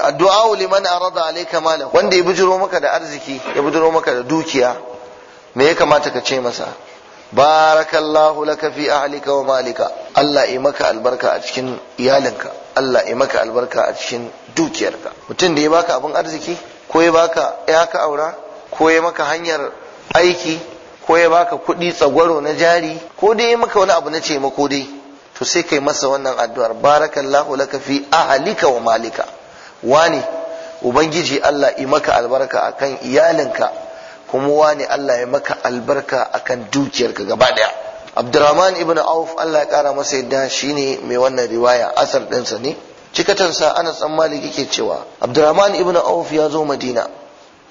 addu'a liman arada alayka mala wanda ya bujiro maka da arziki ya bujiro maka da dukiya me ya kamata ka ce masa barakallahu laka fi ahlika wa malika Allah ya maka albarka a cikin iyalinka Allah ya maka albarka a cikin dukiyarka mutum da ya baka abin arziki ko ya baka aura ko ya maka hanyar aiki ko ya baka kuɗi tsagwaro na jari ko dai ya maka wani abu na ce dai to sai kai masa wannan addu'ar barakallahu laka fi ahlika wa malika Wani ubangiji Allah yi maka albarka akan iyalinka kuma wani Allah yi maka albarka akan dukiyarka gaba daya Abdurrahman ibn Auf Allah ya kara masa yadda shine mai wannan riwaya asar ɗinsa ne cikatansa Anas dan Malik yake cewa Abdurrahman ibn Auf ya zo Madina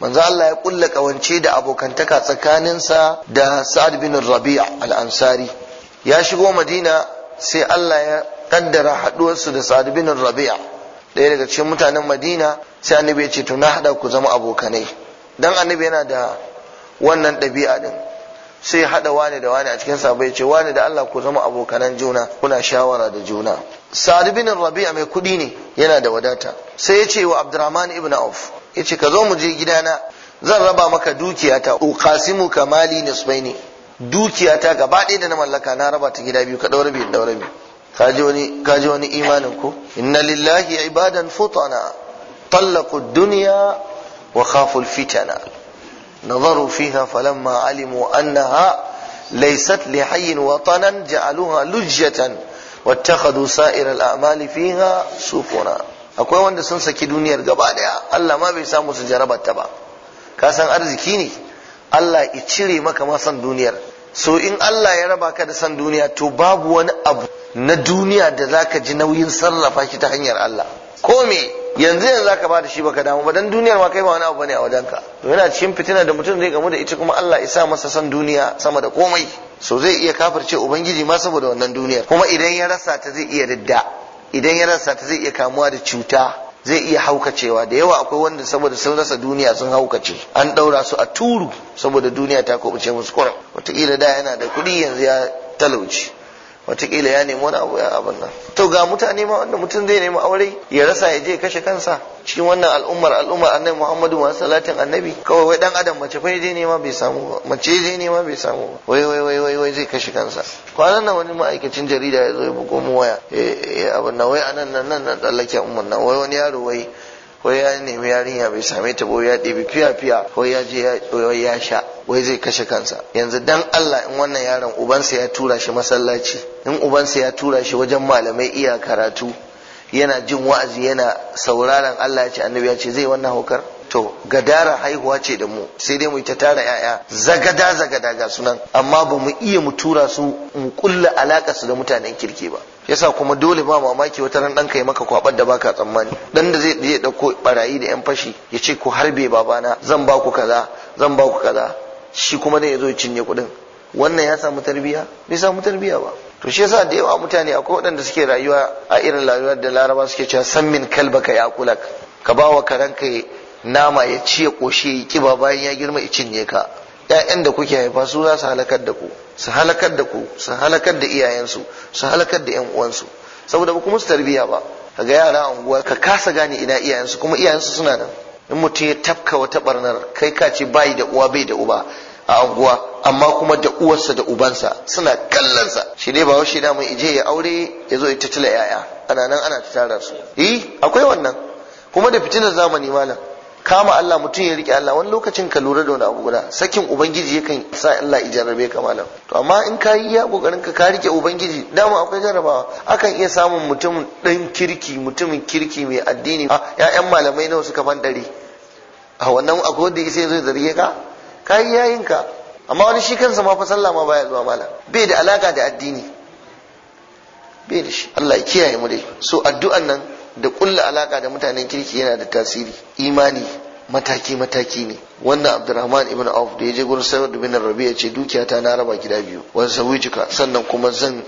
manzo Allah ya kulla kawance da abokantaka tsakaninsa da Sa'ad bin Rabi' al-Ansari ya shigo Madina sai Allah ya kaddara haɗuwarsu da Sa'ad bin Rabi' ɗaya daga cikin mutanen madina sai annabi ya ce to na haɗa ku zama abokanai dan annabi yana da wannan ɗabi'a din sai haɗa wani da wani a cikin sabai ya ce wani da Allah ku zama abokanan juna kuna shawara da juna sa'ad bin rabi'a mai kuɗi ne yana da wadata sai ya ce wa abdurrahman ibn auf ya ce ka zo mu je gidana zan raba maka dukiyata uqasimu kamali nisbaini dukiyata gaba ɗaya da na mallaka na raba ta gida biyu ka ɗaura biyu ɗaura biyu kaji wani imanin ku inna lillahi ibadan futana tallaku duniya wa nazaru fiha falamma alimu annaha laysat li hayyin watanan ja'aluha lujjatan wattakhadhu sa'iral a'mali fiha sufuna akwai wanda sun saki duniyar gaba daya Allah ma bai samu su jarabata ba ka san arziki ne Allah ya cire maka ma san duniyar so in Allah ya raba ka da san duniya to babu wani abu na duniya da zaka ji nauyin sarrafa shi ta hanyar Allah ko me yanzu yanzu zaka bada shi baka damu ba dan duniyar ma kai ba wani abu bane a wajenka to yana cikin fitina da mutum zai gamu da ita kuma Allah ya sa masa san duniya sama da komai so zai iya kafirce ubangiji ma saboda wannan duniyar kuma idan ya rasa ta zai iya ridda idan ya rasa ta zai iya kamuwa da cuta zai iya haukacewa da yawa akwai wanda saboda sun rasa duniya sun haukace an ɗaura su a turu saboda duniya ta kubuce musu kurum wataƙila da yana da kuɗi yanzu ya talauci watakila ya nemi wani abu ya abin nan to ga mutane ma wanda mutum zai nemi aure ya rasa ya je kashe kansa cikin wannan al'ummar al'ummar annabi muhammadu wa salatin annabi kawai wai dan adam mace fai je nema bai samu ba mace je nema bai samu ba wai wai wai wai wai zai kashe kansa kwanan nan wani ma'aikacin jarida ya zo ya bugo mu waya eh, eh abin nan wai anan nan nan nan tsallake umman nan wai wani yaro wai Wai ya nemi yarinya bai same ta ba ya ɗebi fiya fiya ko ya je ya sha wai zai kashe kansa yanzu dan Allah in wannan yaron ubansa ya tura shi masallaci in ubansa ya tura shi wajen malamai iya karatu yana jin wa'azi yana sauraron Allah ya ce annabi ya ce zai wannan hukar to gadara haihuwa ce da mu sai dai mu ta tara yaya zagada zagada ga sunan amma ba mu iya mu tura su mu kulla alaka su da mutanen kirki ba yasa kuma dole ba mamaki wata ran dan kai maka kwabar da baka tsammani dan da zai je dauko barayi da yan fashi ya ce ku harbe babana zan ba ku kaza zan ba ku kaza shi kuma zai zo cinye kuɗin wannan ya samu tarbiya bai samu tarbiya ba to shi yasa da yawa mutane akwai waɗanda suke rayuwa a irin rayuwar da laraba suke cewa san min kalbaka ya kulak ka ba wa karanka nama ya ci ya ƙoshi ya kiba bayan ya girma ya cinye ka ƴaƴan da kuke haifa su za su halakar da ku su halakar da ku su halakar da iyayensu su halakar da ƴan uwansu saboda ba kuma su tarbiya ba kaga yara a ka kasa gane ina iyayensu kuma iyayensu suna nan in mutum ya tafka wata barnar kai ka ce bai da uwa bai da uba a anguwa amma kuma da uwarsa da ubansa suna kallonsa shi ne ba washe damun ije ya aure ya zo ya tattala yaya ana nan ana tarar su eh akwai wannan kuma da fitinar zamani malam kama Allah mutum ya rike Allah wani lokacin ka lura da wani abu guda sakin ubangiji yakan sa Allah ya jarrabe ka malam to amma in ka yi ya kokarin ka ka rike ubangiji dama akwai jarrabawa akan iya samun mutum dan kirki mutumin kirki mai addini ah, ya'yan malamai nawa suka ban a wannan akwai wanda sai zai zarge ka kai yayin ka amma wani shi kansa ma fa sallah ma baya zuwa mala bai da alaka da addini bai da shi Allah ya kiyaye mu dai so addu'an nan da kulla alaka da mutanen kirki yana da tasiri imani mataki mataki ne wannan abdurrahman ibn auf da ya je gurin Sayyid bin rabi ya ce dukiyata na raba gida biyu wa zawijika sannan kuma zan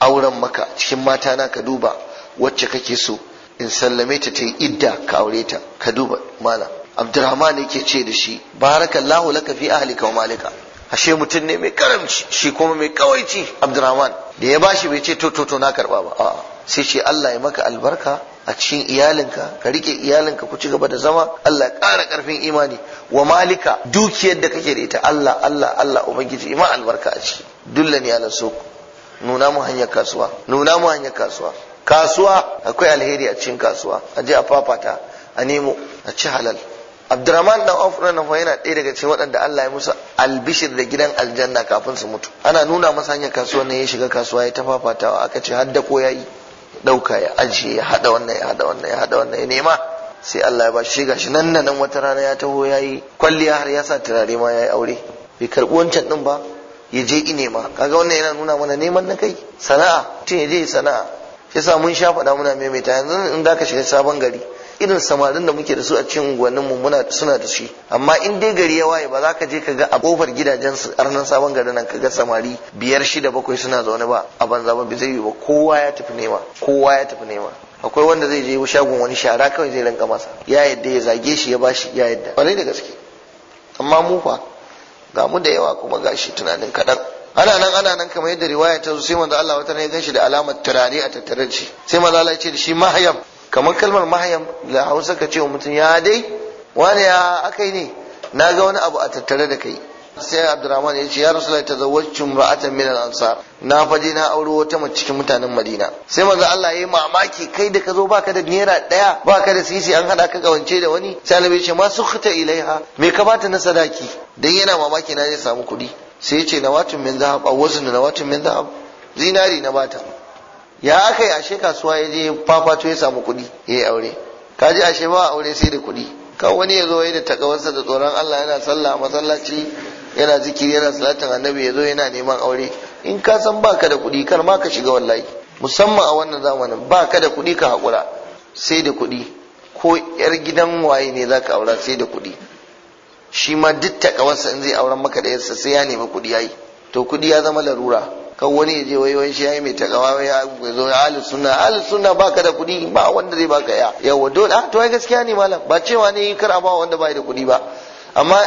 auren maka cikin mata na ka duba wacce kake so in sallame ta ta yi idda ka aure ta ka duba malam abdurrahman yake ce da shi barakallahu laka fi ahlika wa malika ashe mutum ne mai karamci shi kuma mai kawaici abdurrahman da ya bashi bai ce to to to na karba ba a'a sai ce Allah ya maka albarka a cikin iyalinka ka rike iyalinka ku ci gaba da zama Allah ya ƙara ƙarfin imani wa malika dukiyar da kake da ita Allah Allah Allah ubangiji ima albarka a ciki dullani ala suq nuna mu hanyar kasuwa nuna mu hanyar kasuwa kasuwa akwai alheri a cikin kasuwa a je a fafata a nemo a ci halal Abdurrahman dan Auf nan fa yana ɗaya daga cikin waɗanda Allah ya musu albishir da gidan aljanna kafin su mutu ana nuna masa hanyar kasuwa ne ya shiga kasuwa ya tafafatawa aka ce har da ko dauka ya ajiye ya hada wannan ya hada wannan ya hada wannan ya nema sai Allah ya bashi gashi nan nan wata rana ya taho yayi kwalliya har ya sa turare ma yayi aure bai karbi wancan din ba ya je ine ma kaga wannan yana nuna mana neman na kai sana'a tun ya je sana'a shi sa mun sha faɗa muna maimaita yanzu in zaka shiga sabon gari irin samarin da muke da su a cikin unguwannin mu muna suna da shi amma in dai gari ya waye ba za ka je ka ga a kofar gidajen su arnan sabon garin nan ka ga samari biyar shida bakwai suna zaune ba a banza ba zai yi ba kowa ya tafi nema kowa ya tafi nema akwai wanda zai je shagon wani shara kawai zai ranka masa ya yadda ya zage shi ya bashi ya yadda kwarai da gaske amma mu fa ga mu da yawa kuma gashi tunanin kaɗan ana nan ana nan kamar yadda riwaya ta zo sai manzo Allah wata ne ya ganshi da alamar turare a tattare da shi sai manzo Allah ya ce da shi mahayam kamar kalmar mahayam da hausa ka ce wa mutum ya dai wani ya akai ne na ga wani abu a tattare da kai sai abdurrahman ya ce ya rasu ta cin ra'atan minar ansa. na faje na auri wata mace cikin mutanen madina sai manzo Allah ya yi mamaki kai da ka zo baka da naira daya baka da sisi an haɗa ka kawance da wani sai annabi ya ce ma sukhta ilaiha me ka bata na sadaki dan yana mamaki na zai samu kuɗi sai ya ce watan min zahab wasu na watan min zahab zinari na bata ya aka yi ashe kasuwa ya je fafato ya samu kuɗi ya yi aure ka ji ashe ba aure sai da kuɗi kan wani ya zo ya da takawarsa da tsoron Allah yana sallah masallaci yana zikiri yana salatin annabi ya zo yana neman aure in ka san baka da kuɗi kar ma ka shiga wallahi musamman a wannan zamanin baka da kuɗi ka haƙura sai da kuɗi ko yar gidan waye ne za ka aura sai da kuɗi shi ma duk takawarsa in zai auren maka da yarsa sai ya nemi kuɗi yayi to kuɗi ya zama larura kan wani ya je wai wai shi yayi mai takawa wai ya zo suna sunna suna sunna baka da kuɗi ba wanda zai baka ya yawa dole ah to ai gaskiya ne malam ba cewa ne kar a ba wanda bai da kudi ba amma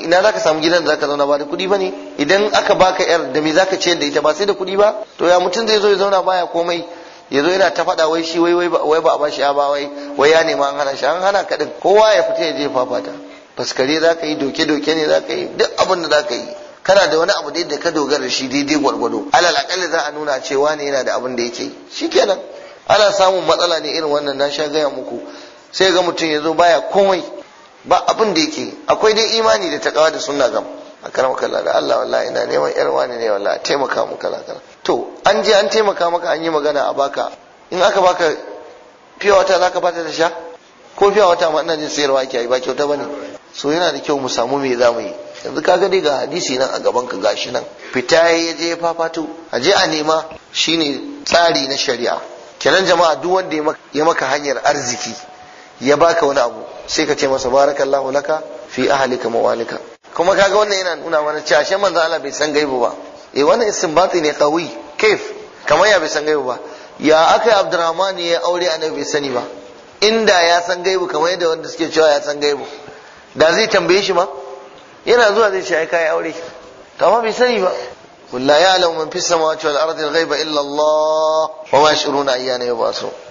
ina zaka samu gidan da zaka zauna ba da kuɗi ba ne idan aka baka yar da me zaka ce da ita ba sai da kuɗi ba to ya mutum zai zo ya zauna baya komai ya zo yana ta faɗa wai shi wai wai ba a bashi ya ba wai wai ya nema an hana shi an hana kaɗin kowa ya fita ya je fafata faskare za ka yi doke-doke ne za ka yi duk abin da za ka yi kana da wani abu da ka dogara da shi daidai gwargwado alal aqalli za a nuna cewa ne yana da abin da yake kenan. ana samun matsala ne irin wannan na sha gaya muku sai ga mutum ya zo baya komai ba abin da yake akwai dai imani da takawa da sunna gam a karam kala da Allah wallahi ina neman yar wani ne wallahi taimaka mu kala kala to an je an taimaka maka an yi magana a baka in aka baka fiya wata zaka bata da sha ko fiya wata ma ina jin sayarwa ake ba kyauta bane so yana da kyau mu samu me zamu yi yanzu ka gani ga hadisi nan a gaban ka gashi nan fita ya je ya fafato a je a nema shine tsari na shari'a kenan jama'a duk wanda ya maka hanyar arziki ya baka wani abu sai ka ce masa barakallahu laka fi ahlika mawalika kuma kaga wannan yana nuna mana cewa shi manzo Allah bai san gaibu ba eh wannan istinbati ne kawai kaif kamar ya bai san gaibu ba ya aka Abdurrahman ya aure annabi bai sani ba inda ya san gaibu kamar yadda wanda suke cewa ya san gaibu da zai tambaye shi ma yana zuwa zai ce ai kai aure kama bai sani ba wallahi ya'lamu man fis samawati wal ardi al-ghaiba illa Allah wa ma yashuruna ayyana yub'asun